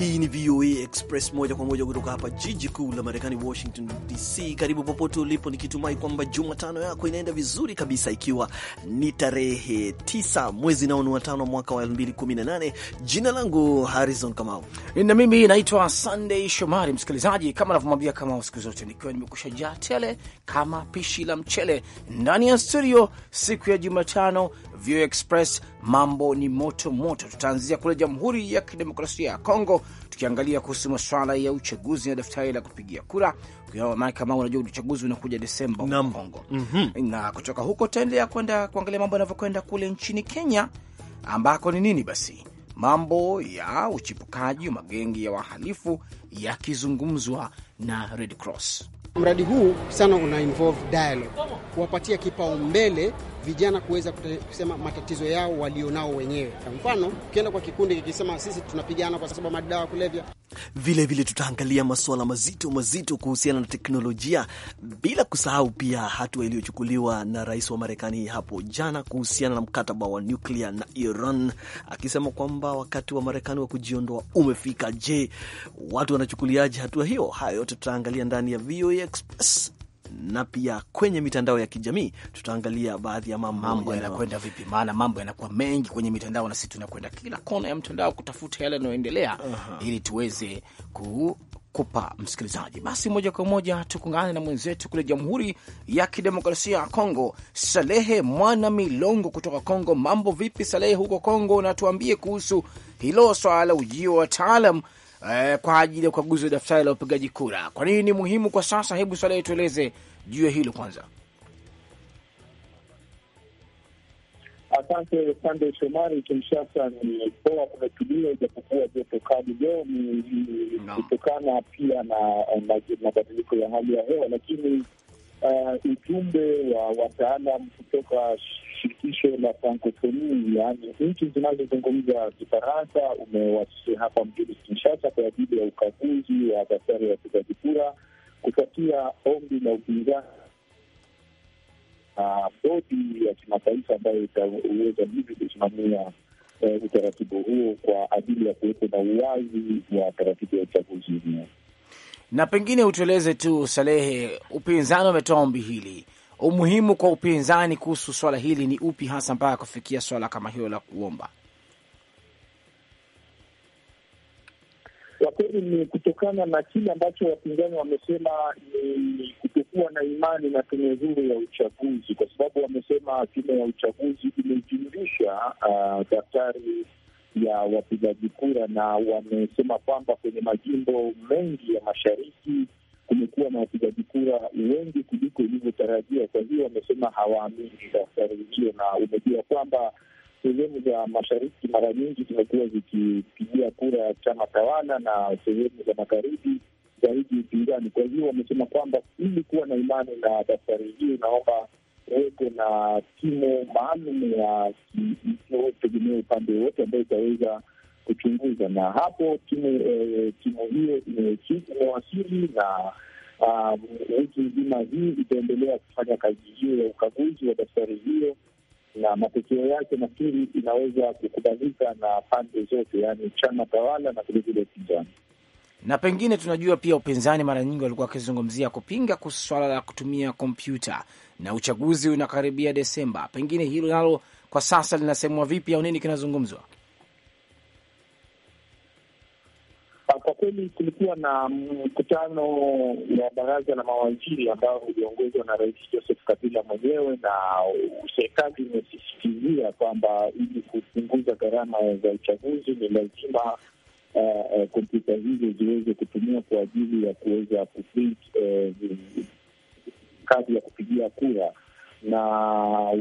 Hii ni VOA Express moja kwa moja kutoka hapa jiji kuu la Marekani, Washington DC. Karibu popote ulipo, nikitumai kwamba Jumatano yako inaenda vizuri kabisa, ikiwa ni tarehe 9 mwezi nao ni watano mwaka wa 2018. Jina langu Harrison Kamau na mimi naitwa Sunday Shomari. Msikilizaji, kama anavyomwambia Kamau siku zote, nikiwa nimekusha jaa tele kama pishi la mchele ndani ya studio siku ya Jumatano VOA Express. Mambo ni moto moto, tutaanzia kule Jamhuri ya Kidemokrasia ya Kongo tukiangalia kuhusu maswala ya uchaguzi na daftari la kupigia kura, kama unajua uchaguzi unakuja Desemba huko Kongo. mm -hmm. Na kutoka huko tutaendelea kwenda kuangalia mambo yanavyokwenda kule nchini Kenya, ambako ni nini basi mambo ya uchipukaji wa magengi ya wahalifu yakizungumzwa na Red Cross. Mradi huu sana una involve dialogue, kuwapatia kipaumbele vijana kuweza kusema matatizo yao walionao wenyewe. Kwa mfano, ukienda kwa kikundi kikisema sisi tunapigana kwa sababu madawa kulevya. Vile Vilevile tutaangalia masuala mazito mazito kuhusiana na teknolojia, bila kusahau pia hatua iliyochukuliwa na rais wa Marekani hapo jana kuhusiana na mkataba wa nyuklia na Iran, akisema kwamba wakati wa Marekani wa kujiondoa umefika. Je, watu wanachukuliaje hatua hiyo? Hayo yote tutaangalia ndani ya VOA Express na pia kwenye mitandao ya kijamii tutaangalia baadhi ya mambo, mambo yanakwenda vipi, maana mambo yanakuwa mengi kwenye mitandao, na sisi tunakwenda kila kona ya mtandao kutafuta yale yanayoendelea uh -huh. ili tuweze ku kupa msikilizaji. Basi moja kwa moja tukungane na mwenzetu kule Jamhuri ya Kidemokrasia ya Kongo, Salehe Mwana Milongo kutoka Kongo. Mambo vipi Salehe huko Kongo, na tuambie kuhusu hilo swala la ujio wa wataalam eh, kwa ajili ya ukaguzi wa daftari la upigaji kura. Kwa nini ni muhimu kwa sasa? Hebu swala tueleze juu ya hilo kwanza. Asante Sande Shomari. Kinshasa ni poa, kumetulia, ijapokuwa joto kali leo ni kutokana pia na mabadiliko ya hali ya hewa, lakini eh, ujumbe wa wataalam kutoka shirikisho la Francophonie, yaani nchi zinazozungumza Kifaransa umewasili hapa mjini Kinshasa kwa ajili ya ukaguzi wa daftari ya wapigaji kura kufuatia ombi la upinzani na bodi ya kimataifa ambayo itaweza hivi kusimamia eh, utaratibu huo kwa ajili ya kuwepo na uwazi wa taratibu ya uchaguzi huo. Na pengine utueleze tu, Salehe, upinzani umetoa ombi hili umuhimu kwa upinzani kuhusu swala hili ni upi hasa mpaka kufikia swala kama hilo la kuomba? Kwa kweli ni kutokana na kile ambacho wapinzani wamesema ni kutokuwa na imani na tume huru ya uchaguzi, kwa sababu wamesema tume ya uchaguzi imejumlisha uh, daftari ya wapigaji kura, na wamesema kwamba kwenye majimbo mengi ya mashariki kumekuwa na wapigaji kura wengi kuliko ilivyotarajia Kwa hiyo wamesema hawaamini daftari hiyo, na umejua kwamba sehemu za mashariki mara nyingi zimekuwa zikipigia kura ya chama tawala na sehemu za magharibi zaidi upinzani. Kwa hiyo wamesema kwamba ili kuwa na imani na daftari hiyo inaomba kuweko na timu maalum ya kitegemea upande wowote ambayo itaweza kuchunguza, na hapo timu eh, timu hiyo imewasili na ah, wiki nzima hii itaendelea kufanya kazi hiyo ya ukaguzi wa daftari hiyo, na matokeo yake nafikiri inaweza kukubalika na pande zote, yaani chama tawala na vilevile upinzani. Na pengine tunajua pia upinzani mara nyingi walikuwa wakizungumzia kupinga kuhusu swala la kutumia kompyuta, na uchaguzi unakaribia Desemba. Pengine hilo nalo kwa sasa linasemwa vipi au nini kinazungumzwa? Ah, kwa kweli kulikuwa na mkutano wa baraza la mawaziri ambao uliongozwa na Rais Joseph Kabila mwenyewe, na serikali imesisitizia kwamba ili kupunguza gharama za uchaguzi ni lazima uh, kompyuta hizo ziweze kutumia kwa ajili ya kuweza kuprint uh, kadi ya kupigia kura na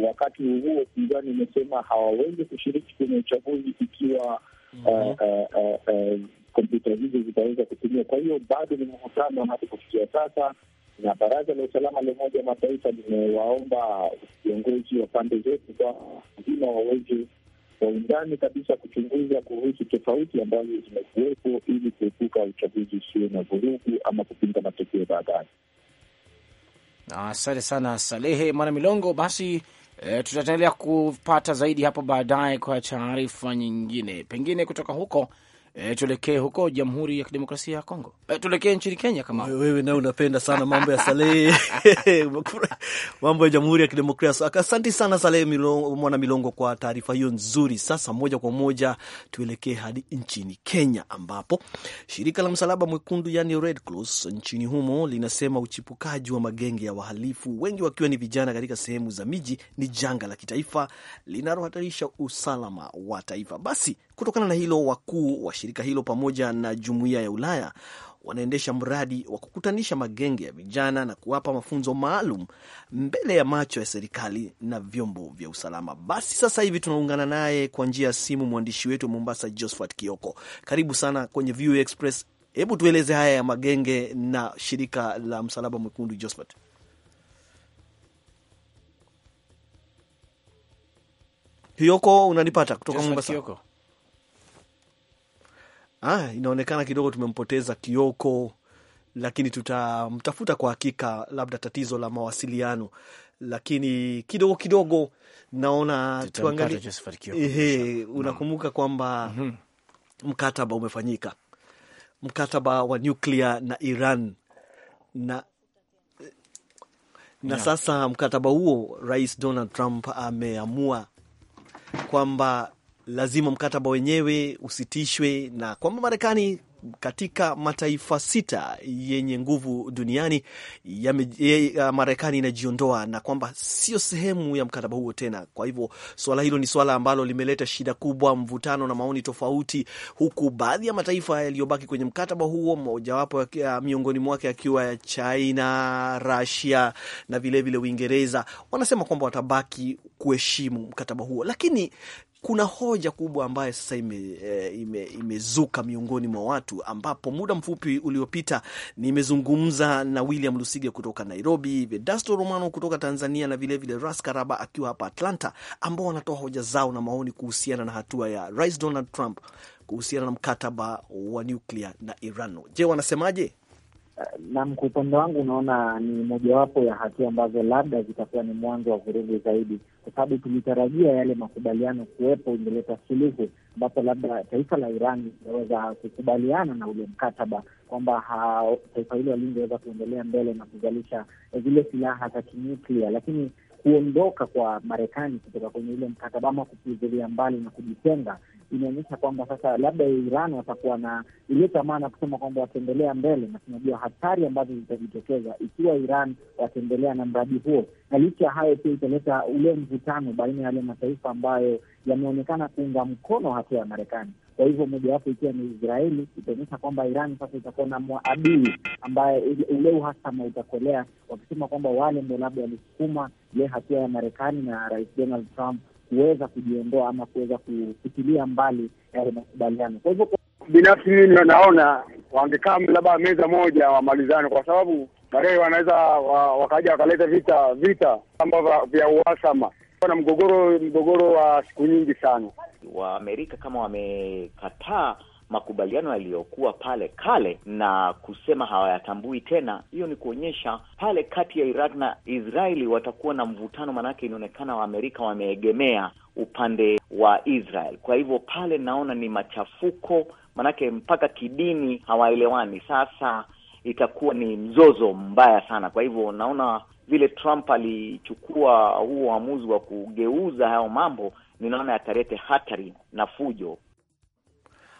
wakati huo upinzani imesema hawawezi kushiriki kwenye uchaguzi ikiwa mm -hmm. uh, uh, uh, uh, kompyuta hizi zitaweza kutumia Kwa hiyo bado ni mvutano hadi kufikia sasa, na baraza la usalama la Umoja wa Mataifa limewaomba viongozi wa pande zetu kwa lazima waweze kwa undani kabisa kuchunguza kuhusu tofauti ambazo zimekuwepo ili kuepuka uchaguzi usio na vurugu ama kupinga matokeo baadaye. Asante sana Salehe Mwana Milongo. Basi e, tutaendelea kupata zaidi hapo baadaye kwa taarifa nyingine, pengine kutoka huko. E, tuelekee huko Jamhuri ya Kidemokrasia ya Kongo. E, tuelekee nchini Kenya. Kama wewe nawe unapenda sana mambo ya Salehe mambo ya Jamhuri ya Kidemokrasia. Asante sana Salehe Milongo, Mwana Milongo, kwa taarifa hiyo nzuri. Sasa moja kwa moja tuelekee hadi nchini Kenya, ambapo shirika la Msalaba Mwekundu yani Red Cross nchini humo linasema uchipukaji wa magenge ya wahalifu, wengi wakiwa ni vijana, katika sehemu za miji ni janga la kitaifa linalohatarisha usalama wa taifa. Basi kutokana na hilo wakuu wa shirika hilo pamoja na jumuiya ya Ulaya wanaendesha mradi wa kukutanisha magenge ya vijana na kuwapa mafunzo maalum mbele ya macho ya serikali na vyombo vya usalama. Basi sasa hivi tunaungana naye kwa njia ya simu mwandishi wetu wa Mombasa, Josphat Kioko. Karibu sana kwenye VOA Express. Hebu tueleze haya ya magenge na shirika la Msalaba Mwekundu, Josphat. Kioko, unanipata kutoka Mombasa? Ah, inaonekana kidogo tumempoteza Kioko, lakini tutamtafuta kwa hakika, labda tatizo la mawasiliano, lakini kidogo kidogo naona tuangalie. unakumbuka kwamba mhm. mkataba umefanyika, mkataba wa nyuklia na Iran na na yeah. Sasa mkataba huo Rais Donald Trump ameamua kwamba lazima mkataba wenyewe usitishwe na kwamba Marekani katika mataifa sita yenye nguvu duniani Marekani inajiondoa na kwamba sio sehemu ya mkataba huo tena. Kwa hivyo swala hilo ni swala ambalo limeleta shida kubwa, mvutano na maoni tofauti, huku baadhi ya mataifa yaliyobaki kwenye mkataba huo, mojawapo miongoni mwake akiwa ya China, Russia na vilevile Uingereza, wanasema kwamba watabaki kuheshimu mkataba huo, lakini kuna hoja kubwa ambayo sasa eh, imezuka ime, ime miongoni mwa watu tatu, ambapo muda mfupi uliopita nimezungumza na William Lusige kutoka Nairobi, Vedasto Romano kutoka Tanzania na vilevile Ras Karaba akiwa hapa Atlanta, ambao wanatoa hoja zao na maoni kuhusiana na hatua ya Rais Donald Trump kuhusiana na mkataba wa nyuklia na Iran. Je, wanasemaje? Eh, Naam, kwa upande wangu unaona ni mojawapo ya hatua ambazo labda zitakuwa ni mwanzo wa vurugu zaidi, kwa sababu tulitarajia yale makubaliano kuwepo, ingeleta suluhu ambapo labda taifa la Iran lingeweza kukubaliana na ule mkataba kwamba taifa hilo lingeweza kuendelea mbele na kuzalisha zile silaha za kinyuklia, lakini kuondoka kwa Marekani kutoka kwenye ule mkataba ama kupuzilia mbali na kujitenga inaonyesha kwamba sasa labda Iran watakuwa na ile tamaa na kusema kwamba wataendelea mbele, na tunajua hatari ambazo zitajitokeza ikiwa Iran wataendelea na mradi huo. Na licha ya hayo, pia italeta ule mvutano baina ya yale mataifa ambayo yameonekana kuunga mkono hatua ya Marekani. Kwa hivyo mojawapo ikiwa ni Israeli, itaonyesha kwamba Iran sasa itakuwa na mwadui ambaye ule uhasama utakolea, wakisema kwamba wale ndo labda walisukuma ile hatua ya Marekani na Rais Donald Trump kuweza kujiondoa ama kuweza kufutilia mbali yale makubaliano. Kwa hivyo binafsi mimi naona wangekaa labda meza moja wamalizane, kwa sababu baadaye wanaweza wa, wakaja wakaleta vita vita ambavyo vya uhasama na mgogoro mgogoro wa siku nyingi sana. Waamerika kama wamekataa makubaliano yaliyokuwa pale kale na kusema hawayatambui tena, hiyo ni kuonyesha pale kati ya Iraq na Israeli watakuwa na mvutano, maanake inaonekana Waamerika wameegemea upande wa Israel. Kwa hivyo pale naona ni machafuko, maanake mpaka kidini hawaelewani. Sasa itakuwa ni mzozo mbaya sana. Kwa hivyo naona vile Trump alichukua huo uamuzi wa kugeuza hayo mambo, ninaona yatarete hatari na fujo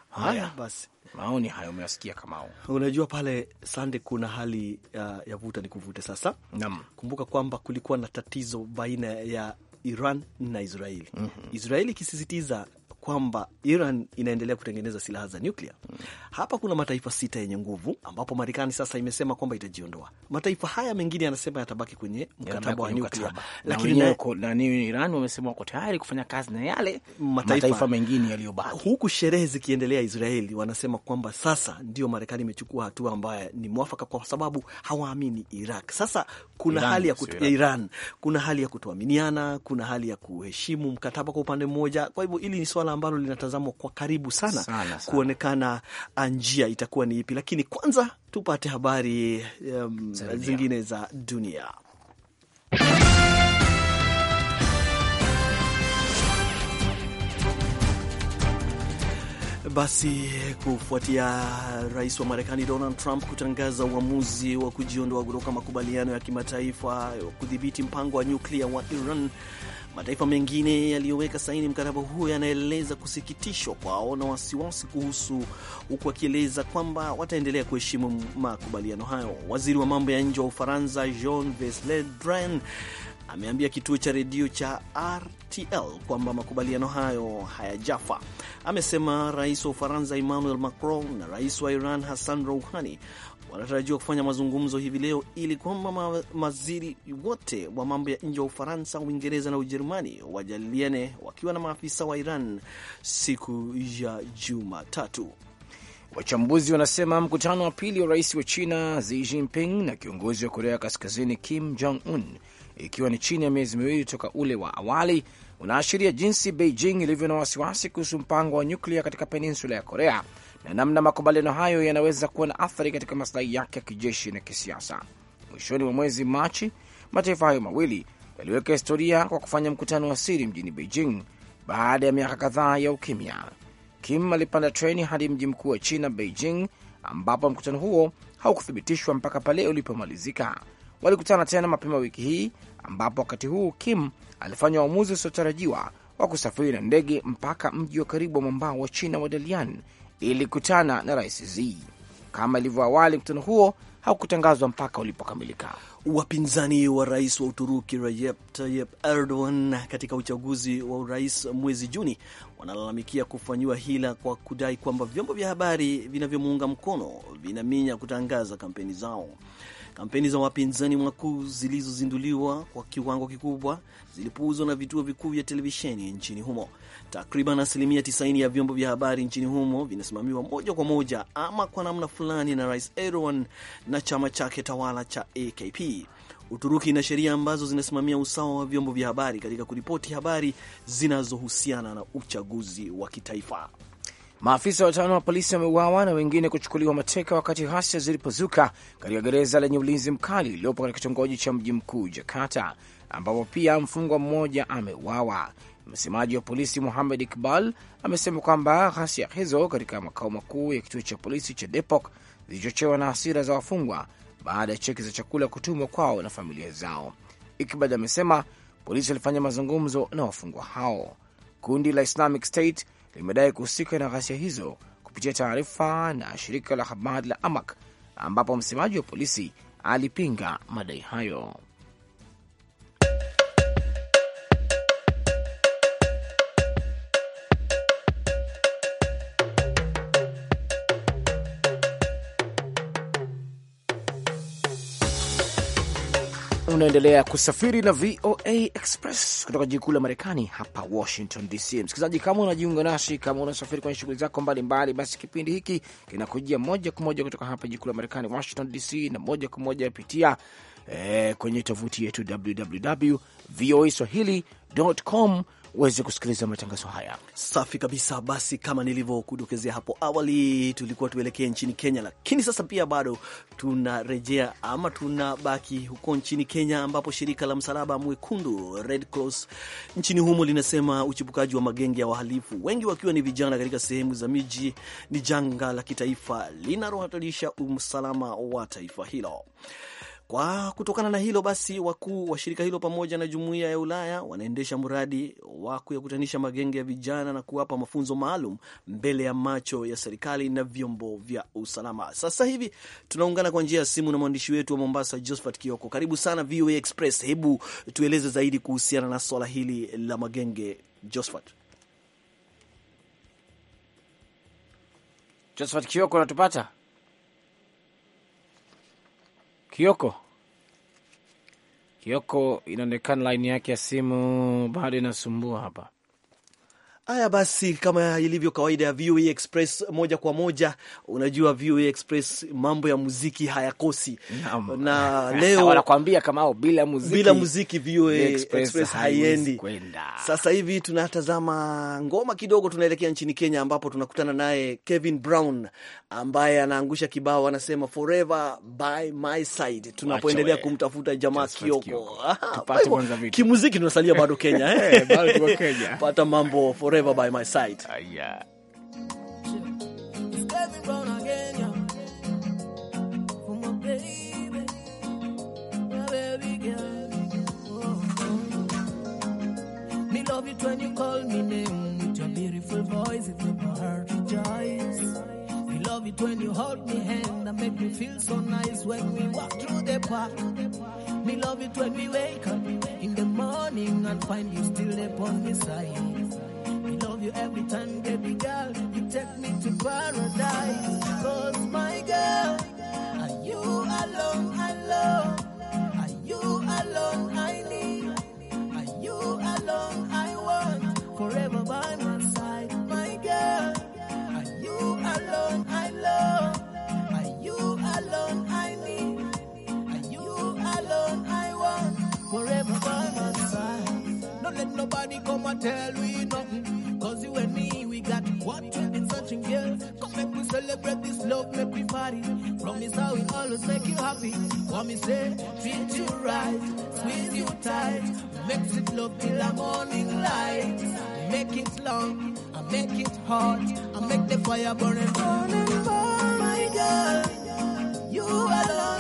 Haya basi, maoni hayo umeyasikia. Kama unajua pale sande, kuna hali ya, uh, ya vuta ni kuvute sasa. Naam. Kumbuka kwamba kulikuwa na tatizo baina ya Iran na Israeli. mm -hmm. Israeli ikisisitiza kwamba Iran inaendelea kutengeneza silaha za nyuklia. Hapa kuna mataifa sita yenye nguvu, ambapo Marekani sasa imesema kwamba itajiondoa. Mataifa haya mengine yanasema yatabaki kwenye mkataba wa nyuklia, lakini Iran wamesema wako tayari kufanya kazi na yale mataifa, mataifa mengine yaliyobaki. Huku sherehe zikiendelea Israeli wanasema kwamba sasa ndio Marekani imechukua hatua ambayo ni mwafaka, kwa sababu hawaamini Iraq. Sasa kuna Iran, hali ya kutu, Iran kuna hali ya kutuaminiana, kuna hali ya kuheshimu mkataba kwa upande mmoja. Kwa hivyo hili ni swala swala ambalo linatazamwa kwa karibu sana, sana, sana, kuonekana ah, njia itakuwa ni ipi, lakini kwanza tupate habari um, zingine za dunia. Basi kufuatia rais wa Marekani Donald Trump kutangaza uamuzi wa kujiondoa kutoka makubaliano ya kimataifa kudhibiti mpango wa nyuklia wa Iran Mataifa mengine yaliyoweka saini mkataba huo yanaeleza kusikitishwa kwao na wasiwasi kuhusu, huku wakieleza kwamba wataendelea kuheshimu makubaliano hayo. Waziri wa mambo ya nje wa Ufaransa Jean-Yves Le Drian ameambia kituo cha redio cha RTL kwamba makubaliano hayo hayajafa. Amesema rais wa Ufaransa Emmanuel Macron na rais wa Iran Hassan Rouhani wanatarajiwa kufanya mazungumzo hivi leo ili kwamba ma wote wa mambo ya nje wa Ufaransa, Uingereza na Ujerumani wajadiliane wakiwa na maafisa wa Iran siku ya Jumatatu. Wachambuzi wanasema mkutano wa pili wa rais wa China Xi Jinping na kiongozi wa Korea Kaskazini Kim Jong Un, ikiwa ni chini ya miezi miwili toka ule wa awali, unaashiria jinsi Beijing ilivyo na wasiwasi kuhusu mpango wa nyuklia katika peninsula ya Korea na namna makubaliano hayo yanaweza kuwa na athari katika maslahi yake ya kijeshi na kisiasa. Mwishoni mwa mwezi Machi, mataifa hayo mawili yaliweka historia kwa kufanya mkutano wa siri mjini Beijing baada ya miaka kadhaa ya ukimya. Kim alipanda treni hadi mji mkuu wa China, Beijing, ambapo mkutano huo haukuthibitishwa mpaka pale ulipomalizika. Walikutana tena mapema wiki hii, ambapo wakati huu Kim alifanya uamuzi usiotarajiwa wa kusafiri na ndege mpaka mji wa karibu wa mwambao wa China wa Dalian ilikutana na rais Z. Kama ilivyo awali, mkutano huo haukutangazwa mpaka ulipokamilika. Wapinzani wa rais wa Uturuki Recep Tayyip Erdogan katika uchaguzi wa urais mwezi Juni wanalalamikia kufanyiwa hila kwa kudai kwamba vyombo vya habari vinavyomuunga mkono vinaminya kutangaza kampeni zao. Kampeni za wapinzani wakuu zilizozinduliwa kwa kiwango kikubwa zilipuuzwa na vituo vikuu vya televisheni nchini humo. Takriban asilimia 90 ya vyombo vya habari nchini humo vinasimamiwa moja kwa moja ama kwa namna fulani na Rais Erdogan na chama chake tawala cha AKP. Uturuki ina sheria ambazo zinasimamia usawa wa vyombo vya habari katika kuripoti habari zinazohusiana na uchaguzi wa kitaifa. Maafisa watano wa polisi wameuawa na wengine kuchukuliwa mateka wakati ghasia zilipozuka katika gereza lenye ulinzi mkali lililopo katika kitongoji cha mji mkuu Jakarta, ambapo pia mfungwa mmoja ameuawa. Msemaji wa polisi Muhamed Iqbal amesema kwamba ghasia hizo katika makao makuu ya kituo cha polisi cha Depok zilichochewa na hasira za wafungwa baada ya cheki za chakula kutumwa kwao na familia zao. Iqbal amesema polisi walifanya mazungumzo na wafungwa hao. Kundi la Islamic State limedai kuhusika na ghasia hizo kupitia taarifa na shirika la habari la Amak, ambapo msemaji wa polisi alipinga madai hayo. unaendelea kusafiri na VOA Express kutoka jiji kuu la Marekani hapa Washington DC. Msikilizaji, kama unajiunga nasi, kama unasafiri kwenye shughuli zako mbalimbali, basi kipindi hiki kinakujia moja kwa moja kutoka hapa jiji kuu la Marekani, Washington DC, na moja kwa moja pitia eh, kwenye tovuti yetu www voa swahili.com uweze kusikiliza matangazo haya. Safi kabisa. Basi kama nilivyokudokezea hapo awali, tulikuwa tuelekee nchini Kenya, lakini sasa pia bado tunarejea ama tunabaki huko nchini Kenya, ambapo shirika la Msalaba Mwekundu Red Cross nchini humo linasema uchipukaji wa magenge ya wahalifu, wengi wakiwa ni vijana, katika sehemu za miji ni janga la kitaifa linalohatalisha usalama wa taifa hilo. Kwa kutokana na hilo basi, wakuu wa shirika hilo pamoja na jumuiya ya Ulaya wanaendesha mradi wa kuyakutanisha magenge ya vijana na kuwapa mafunzo maalum mbele ya macho ya serikali na vyombo vya usalama. Sasa hivi tunaungana kwa njia ya simu na mwandishi wetu wa Mombasa, Josphat Kioko. Karibu sana VOA Express. Hebu tueleze zaidi kuhusiana na swala hili la magenge, Josphat. Josphat Kioko, unatupata? Kioko. Kioko, inaonekana laini yake ya simu bado inasumbua hapa. Haya basi, kama ilivyo kawaida ya VOA Express moja kwa moja, unajua VOA Express mambo ya muziki hayakosi na, na leo wanakuambia kama au bila muziki, bila muziki VOA Express, Express haiendi. Sasa hivi tunatazama ngoma kidogo, tunaelekea nchini Kenya ambapo tunakutana naye Kevin Brown ambaye anaangusha kibao, anasema forever by my side, tunapoendelea kumtafuta jamaa Kioko kimuziki. Tunasalia bado Kenya, eh? Bado Kenya pata mambo forever forever by my side. Uh, yeah. love it when you call me name with your beautiful voice it make my heart rejoice we love it when you hold me hand and make me feel so nice when we walk through the park We love it when we wake up in the morning and find you still upon my side you every time, baby girl. You take me to paradise. Cause my girl, are you alone, I love. Are you alone, I need? Are you alone, I want? Forever by my side, my girl. Are you alone, I love? Are you alone, I need? Are you alone, I want? Forever by my side. Don't let nobody come and tell me party. Promise I will always make you happy. Promise say, treat you right, squeeze you tight. Makes it love till the morning light. Make it long, I make it hot. I make the fire burn and burn and burn, my girl. You alone.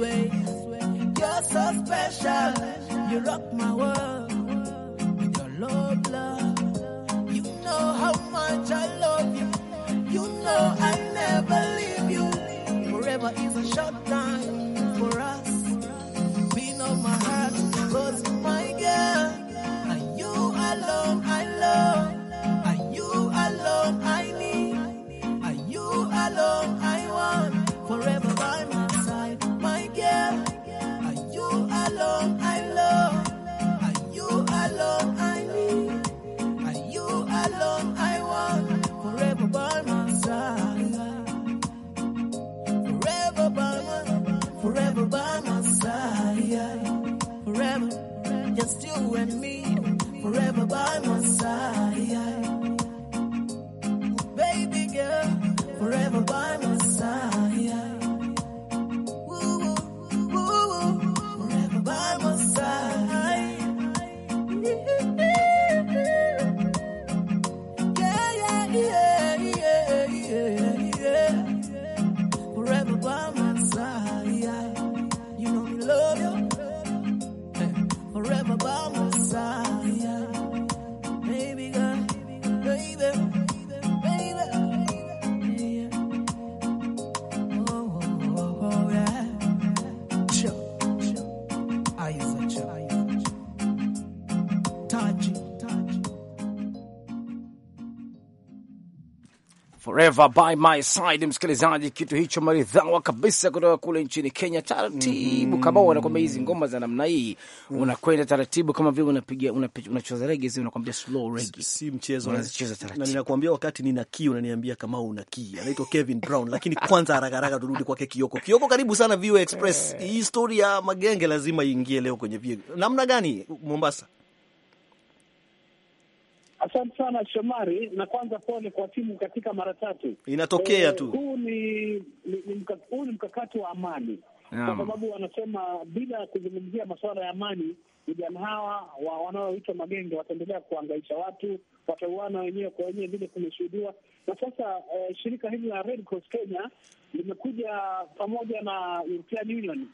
way. You're so special. You rock my world. With your love, love. You know how much I love you. You know I never leave you. Forever is a short time. just you and me, forever by my side. Forever by my side, msikilizaji, kitu hicho maridhawa kabisa kutoka kule nchini Kenya. Taratibu mm. kama wanakwambia hizi ngoma za namna hii mm. unakwenda taratibu kama vile unapiga unacheza reggae, zile unakwambia slow reggae, si mchezo, unazicheza taratibu. Na ninakwambia wakati nina kii unaniambia kama una kii, anaitwa Kevin Brown. Lakini kwanza haraka haraka turudi kwake Kioko. Kioko, karibu sana VOA Express. Eh. Hii story ya magenge lazima iingie leo kwenye namna gani Mombasa? Asante sana Shomari, na kwanza pole kwa timu katika mara tatu. Inatokea eh, tu. Huu ni huu ni mkakati wa amani, kwa sababu wanasema bila kuzungumzia masuala ya amani, vijana hawa wa wanaoitwa magenge wataendelea kuangaisha watu, watauana wenyewe kwa wenyewe, vile kumeshuhudiwa na sasa. Eh, shirika hili la Red Cross Kenya limekuja pamoja na European Union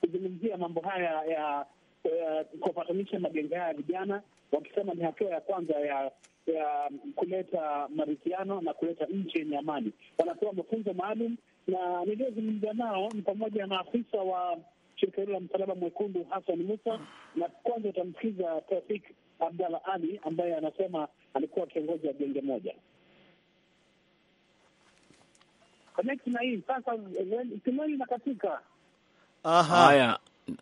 kuzungumzia mambo haya ya Eh, kuwapatanisha magenge haya ya vijana, wakisema ni hatua ya kwanza ya ya kuleta maridhiano na kuleta nchi yenye amani. Wanapewa mafunzo maalum, na niliyozungumza nao ni pamoja na afisa wa shirika hilo la Msalaba Mwekundu Hassan Musa, na kwanza utamsikiza Tafik Abdalla Ali ambaye anasema alikuwa kiongozi wa genge moja connect na hii sasa, simeli inakatika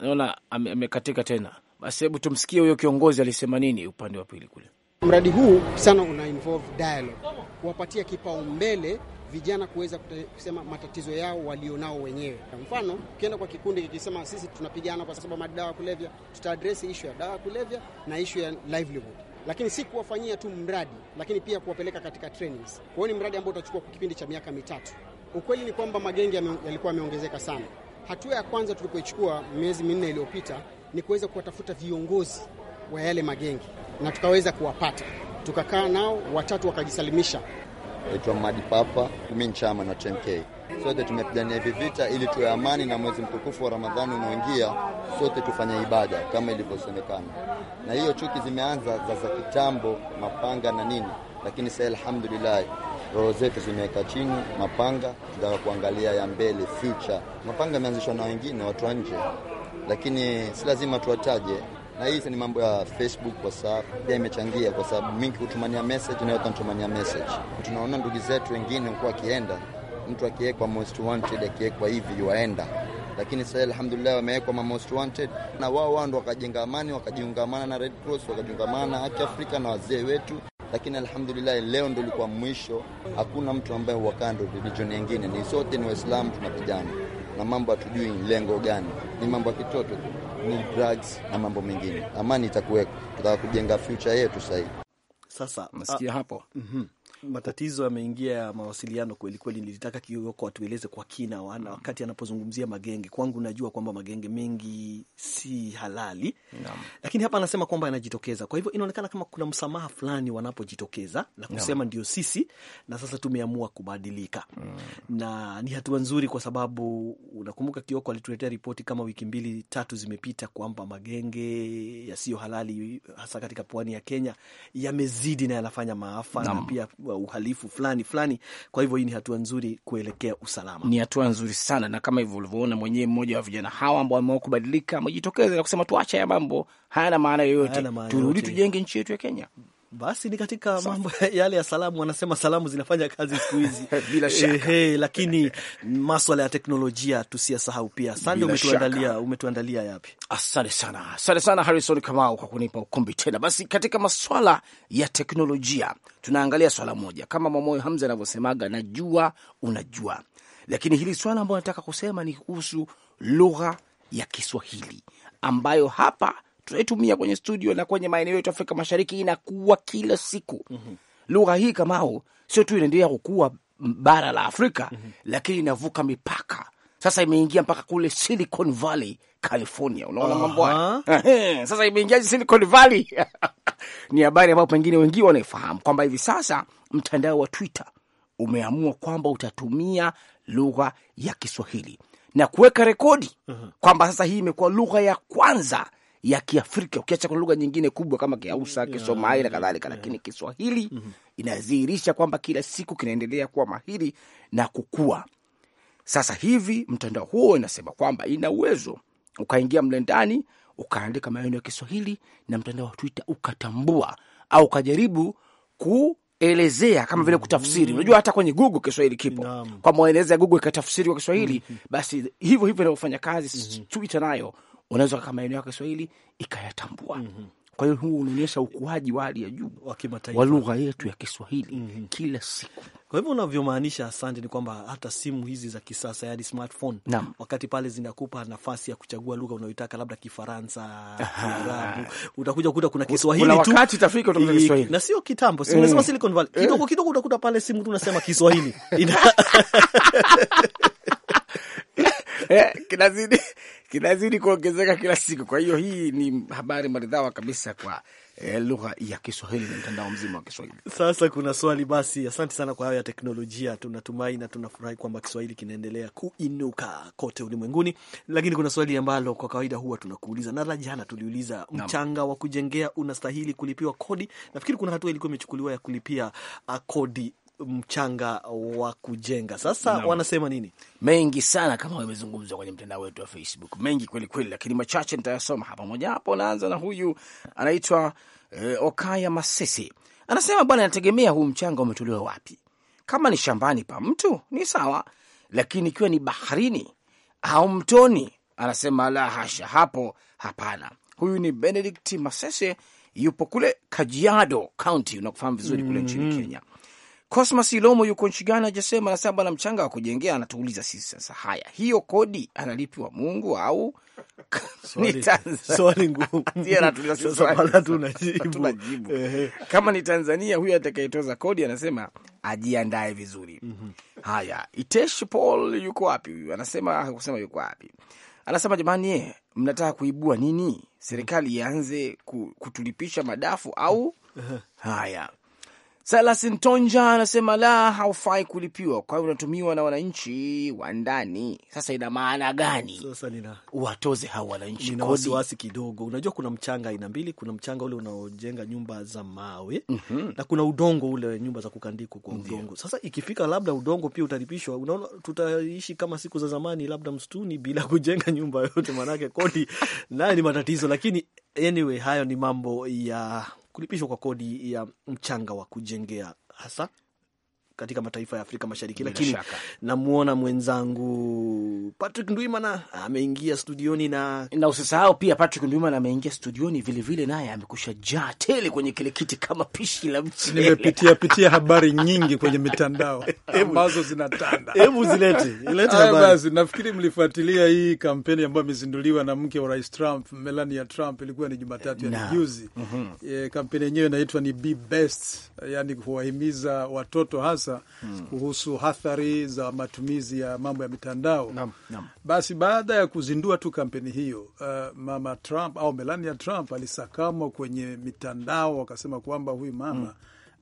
naona amekatika tena. Basi hebu tumsikie huyo kiongozi alisema nini upande wa pili kule. Mradi huu sana una involve dialogue, kuwapatia kipaumbele vijana kuweza kusema matatizo yao walionao wenyewe. Kwa mfano, ukienda kwa kikundi kikisema sisi tunapigana kwa sababu madawa ya kulevya, address ishu ya dawa ya kulevya na ishu ya livelihood lakini si kuwafanyia tu mradi, lakini pia kuwapeleka katika trainings. Kwa hiyo ni mradi ambao utachukua kwa kipindi cha miaka mitatu. Ukweli ni kwamba magenge yalikuwa yameongezeka sana, Hatua ya kwanza tulipoichukua miezi minne iliyopita ni kuweza kuwatafuta viongozi wa yale magenge na tukaweza kuwapata, tukakaa nao, watatu wakajisalimisha. Naitwa Madi Papa, mi nchama na TMK. Sote tumepigania hivi vita ili tuwe amani, na mwezi mtukufu wa Ramadhani unaoingia sote tufanye ibada kama ilivyosemekana. Na hiyo chuki zimeanza za za kitambo, mapanga na nini, lakini sasa alhamdulilahi roho zetu zimeweka chini mapanga, tutaka kuangalia ya mbele future. Mapanga yameanzishwa na wengine, watu wa nje, lakini si lazima tuwataje na hii ni mambo ya Facebook, WhatsApp pia imechangia, kwa sababu mingi kutumania message na hutumania message. Tunaona ndugu zetu wengine hukuwa akienda mtu akiwekwa most wanted, akiwekwa hivi yuaenda lakini sasa alhamdulillah wamewekwa ma most wanted, na wao wao ndo wakajenga amani, wakajiungamana na Red Cross, wakajiungamana na Afrika na wazee wetu lakini alhamdulillah leo ndo ilikuwa mwisho. Hakuna mtu ambaye wakando religion nyingine, ni sote ni Waislamu, tunapigana na mambo hatujui lengo gani, ni mambo ya kitoto, ni drugs na mambo mengine. Amani itakuweko, tutaka kujenga future yetu sahihi. Sasa nasikia hapo, mm -hmm matatizo yameingia ya mawasiliano kwelikweli. Nilitaka Kioko atueleze kwa kina wana wakati anapozungumzia magenge. Kwangu najua kwamba magenge mengi si halali Naam. lakini hapa anasema kwamba yanajitokeza. Kwa hivyo inaonekana kama kuna msamaha fulani wanapojitokeza na kusema ndio sisi na sasa tumeamua kubadilika mm. na ni hatua nzuri, kwa sababu unakumbuka Kioko alituletea ripoti kama wiki mbili tatu zimepita kwamba magenge yasiyo halali hasa katika pwani ya Kenya yamezidi na yanafanya maafa Naam. na pia wa uhalifu fulani fulani. Kwa hivyo hii ni hatua nzuri kuelekea usalama, ni hatua nzuri sana, na kama hivyo ulivyoona mwenyewe, mmoja wa vijana hawa ambao wameamua kubadilika amejitokeza na kusema tuache haya mambo hayana maana yoyote, turudi tujenge nchi yetu ya Kenya. Basi ni katika mambo yale ya salamu, wanasema salamu zinafanya kazi siku hizi bila eh, shaka eh, lakini maswala ya teknolojia tusiyasahau pia. Sande, umetuandalia umetuandalia yapi? Asante sana, asante sana Harrison Kamau kwa kunipa ukumbi tena. Basi katika maswala ya teknolojia tunaangalia swala moja, kama Mwamoyo Hamza anavyosemaga, najua unajua, lakini hili swala ambayo nataka kusema ni kuhusu lugha ya Kiswahili ambayo hapa tunaitumia kwenye studio na kwenye maeneo yetu Afrika Mashariki inakuwa kila siku mm -hmm. Lugha hii Kamau sio tu inaendelea kukua bara la Afrika mm -hmm. lakini inavuka mipaka sasa imeingia mpaka kule Silicon Valley California. Unaona mambo haya sasa imeingiaje Silicon Valley? Ni habari ambayo pengine wengi wanaifahamu kwamba hivi sasa mtandao wa Twitter umeamua kwamba utatumia lugha ya Kiswahili na kuweka rekodi kwamba sasa hii imekuwa lugha ya kwanza ya Kiafrika, ukiacha kuna lugha nyingine kubwa kama Kiausa, Kisomali na kadhalika, lakini Kiswahili mm -hmm. inadhihirisha kwamba kila siku kinaendelea kuwa mahiri na kukua. Sasa hivi mtandao huo inasema kwamba ina uwezo ukaingia mle ndani ukaandika maneno ya Kiswahili na mtandao wa Twitter ukatambua au ukajaribu ku elezea kama vile kutafsiri. Mhm. Unajua, hata kwenye Google Kiswahili kipo, kwamba unaeleza Google ikatafsiri kwa Kiswahili. Mhm. Basi hivyo hivyo inavyofanya kazi mhm. Twitter nayo unaweza kaa maeneo ya Kiswahili ikayatambua. mm -hmm. Kwa hiyo huu unaonyesha ukuaji wa hali ya juu wa lugha yetu ya Kiswahili mm -hmm. kila siku. Kwa hivyo unavyomaanisha, asante, ni kwamba hata simu hizi za kisasa, yaani smartphone, wakati pale zinakupa nafasi ya kuchagua lugha unayoitaka, labda Kifaransa, Kiarabu, utakuja kukuta kuna Kiswahili tu, na sio kitambo, si unasema mm. Silicon Valley, kidogo eh. kidogo utakuta pale simu tu unasema Kiswahili Eh, kinazidi kinazidi kuongezeka kila siku. Kwa hiyo hii ni habari maridhawa kabisa kwa eh, lugha ya Kiswahili na mtandao mzima wa Kiswahili. Sasa kuna swali basi. Asante sana kwa hayo ya teknolojia, tunatumai na tunafurahi kwamba Kiswahili kinaendelea kuinuka kote ulimwenguni, lakini kuna swali ambalo kwa kawaida huwa tunakuuliza, na la jana tuliuliza, mchanga wa kujengea unastahili kulipiwa kodi? Nafikiri kuna hatua ilikuwa imechukuliwa ya kulipia ah, kodi mchanga wa kujenga. Sasa no. wanasema nini? Mengi sana kama wamezungumza kwenye mtandao wetu wa Facebook, mengi kweli kweli, lakini machache nitayasoma hapa. Moja hapo naanza na huyu anaitwa eh, Okaya Masisi, anasema bwana, nategemea huu mchanga umetolewa wapi. Kama ni shambani pa mtu ni sawa, lakini ikiwa ni baharini au mtoni, anasema la hasha, hapo hapana. Huyu ni Benedict Masese, yupo kule Kajiado County, unakufahamu vizuri kule nchini mm Kenya Cosmas Ilomo yuko nchi gani Ajasema, anasema bwana mchanga wa kujengea. Anatuuliza sisi sasa, haya, hiyo kodi analipiwa Mungu au tunajibu kama ni Tanzania, huyo atakayetoza kodi anasema ajiandae vizuri. mm -hmm. Haya, Itesh Paul yuko wapi huyu? Anasema ah, kusema yuko wapi. Anasema jamani, eh, mnataka kuibua nini? Serikali ianze kutulipisha madafu au haya Salasintonja anasema la, haufai kulipiwa, kwa hiyo unatumiwa na wananchi wa ndani. Sasa ina maana gani? Sasa nina watoze hao wananchi Nina wasiwasi kidogo. Unajua, kuna mchanga aina mbili, kuna mchanga ule unaojenga nyumba za mawe mm -hmm. na kuna udongo ule nyumba za kukandikwa kwa Ndiyo. udongo. Sasa ikifika labda udongo pia utalipishwa, unaona tutaishi kama siku za zamani, labda msituni bila kujenga nyumba yoyote, maanake kodi nayo ni matatizo, lakini anyway, hayo ni mambo ya kulipishwa kwa kodi ya mchanga wa kujengea hasa katika mataifa ya Afrika Mashariki, lakini namwona mwenzangu Patrick Ndwimana ameingia studioni na na usisahau pia Patrick Ndwimana ameingia studioni vilevile, naye amekusha jaa tele kwenye kile kiti kama pishi la mchele. Nimepitia pitia habari nyingi kwenye mitandao ambazo zinatanda. Hebu zilete ilete habari basi. Nafikiri mlifuatilia hii kampeni ambayo imezinduliwa na mke wa Rais Trump, Melania Trump, ilikuwa ni Jumatatu ya juzi. mm -hmm. E, kampeni yenyewe inaitwa ni Be Best, yani kuwahimiza watoto hasa sasa mm. kuhusu athari za matumizi ya mambo ya mitandao nam, nam. Basi baada ya kuzindua tu kampeni hiyo uh, mama Trump au Melania Trump alisakamwa kwenye mitandao, wakasema kwamba huyu mama mm.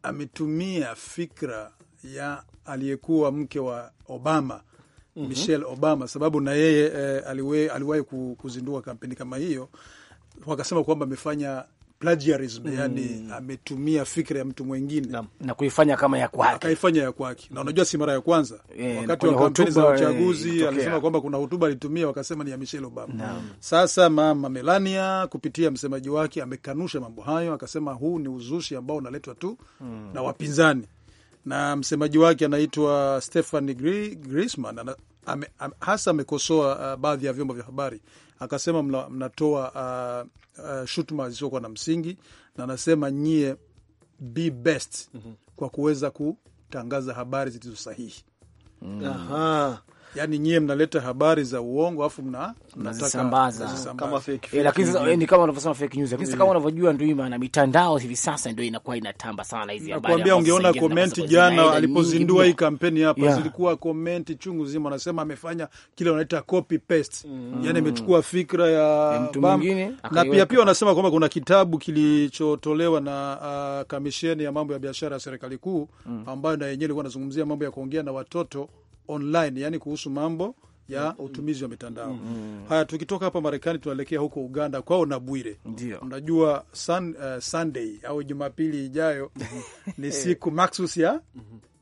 ametumia fikra ya aliyekuwa mke wa Obama mm -hmm. Michelle Obama, sababu na yeye eh, aliwahi kuzindua kampeni kama hiyo, wakasema kwamba amefanya plagiarism mm. Yani ametumia fikra ya mtu mwingine na, na kuifanya kama ya kwake, akaifanya ya kwake na unajua, si mara ya kwanza e, wakati wa kampeni za eh, uchaguzi e, alisema kwamba kuna hotuba alitumia wakasema ni ya Michelle Obama na. Sasa mama Melania kupitia msemaji wake amekanusha mambo hayo, akasema huu ni uzushi ambao unaletwa tu mm. na wapinzani na msemaji wake anaitwa Stephanie ame, hasa amekosoa uh, baadhi ya vyombo vya habari akasema mna, mnatoa uh, uh, shutuma zisizokuwa na msingi, na anasema nyie be best mm -hmm. kwa kuweza kutangaza habari zilizo sahihi mm yani nyie mnaleta habari za uongo afu mna eh, lakini eh, kama fake news, lakini kama eh. unavyojua ndio maana mitandao hivi sasa ndio inakuwa inatamba sana hizi habari. Nakwambia, ungeona jana alipozindua hii kampeni hapa yeah, zilikuwa chungu zima, anasema amefanya kile wanaita copy paste mm, yani amechukua fikra ya mtu mwingine, na pia pia wanasema kwamba kuna kitabu kilichotolewa na uh, kamisheni ya mambo ya biashara ya serikali kuu mm, ambayo na yenyewe ilikuwa inazungumzia mambo ya kuongea na watoto online, yani kuhusu mambo ya utumizi wa mitandao mm, mm. Haya, tukitoka hapa Marekani tunaelekea huko Uganda kwao na Bwire, unajua sun, uh, Sunday au Jumapili ijayo ni siku maxus ya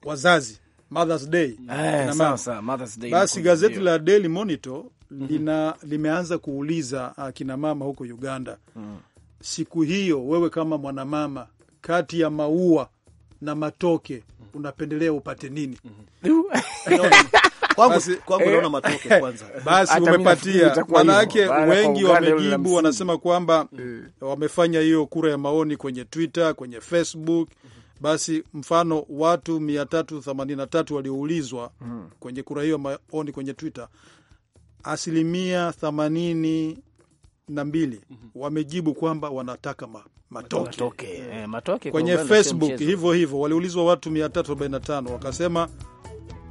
wazazi Mother's Day. Eh, sawa, sawa, Mother's Day. Basi gazeti la Daily Monitor mhm. lina, limeanza kuuliza akina uh, mama huko Uganda mm. siku hiyo wewe kama mwanamama, kati ya maua na matoke unapendelea upate nini? Mm-hmm. Naona kwanza, basi umepatia. Manake wengi wamejibu, wanasema kwamba mm. wamefanya hiyo kura ya maoni kwenye Twitter, kwenye Facebook. Mm-hmm. Basi mfano watu mia tatu themanini walioulizwa mm. kwenye kura hiyo maoni kwenye Twitter, asilimia themanini na mbili mm-hmm. wamejibu kwamba wanataka matoke, matoke. E, matoke kwenye Facebook hivyo hivyo, waliulizwa watu 345 wakasema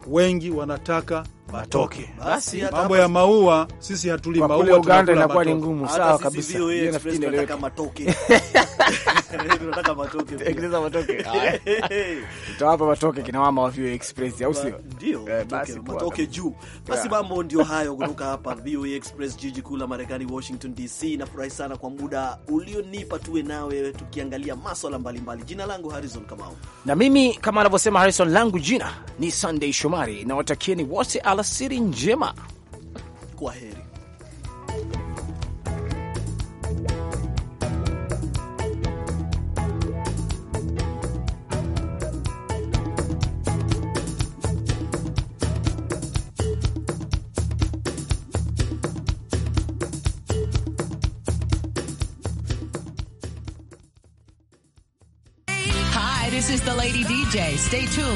wengi wanataka matoke. Basi mambo ya maua sisi hatuli maua, kule Uganda inakuwa ni ngumu. Sawa kabisa, yeye tunataka matoke, tunataka matoke, tunataka matoke, tutawapa matoke kina mama wa VOA Express, au sio? Ndio eh, basi matoke juu. Basi mambo ndio hayo kutoka hapa VOA Express, jiji kuu la Marekani, Washington DC. Nafurahi sana kwa muda ulionipa tuwe nawe tukiangalia masuala mbalimbali. Jina langu Harrison Kamau, na mimi kama anavyosema Harrison, langu jina ni Sunday Shomari, nawatakieni wote alasiri njema, kwa heri. This is the Lady DJ. Stay tuned.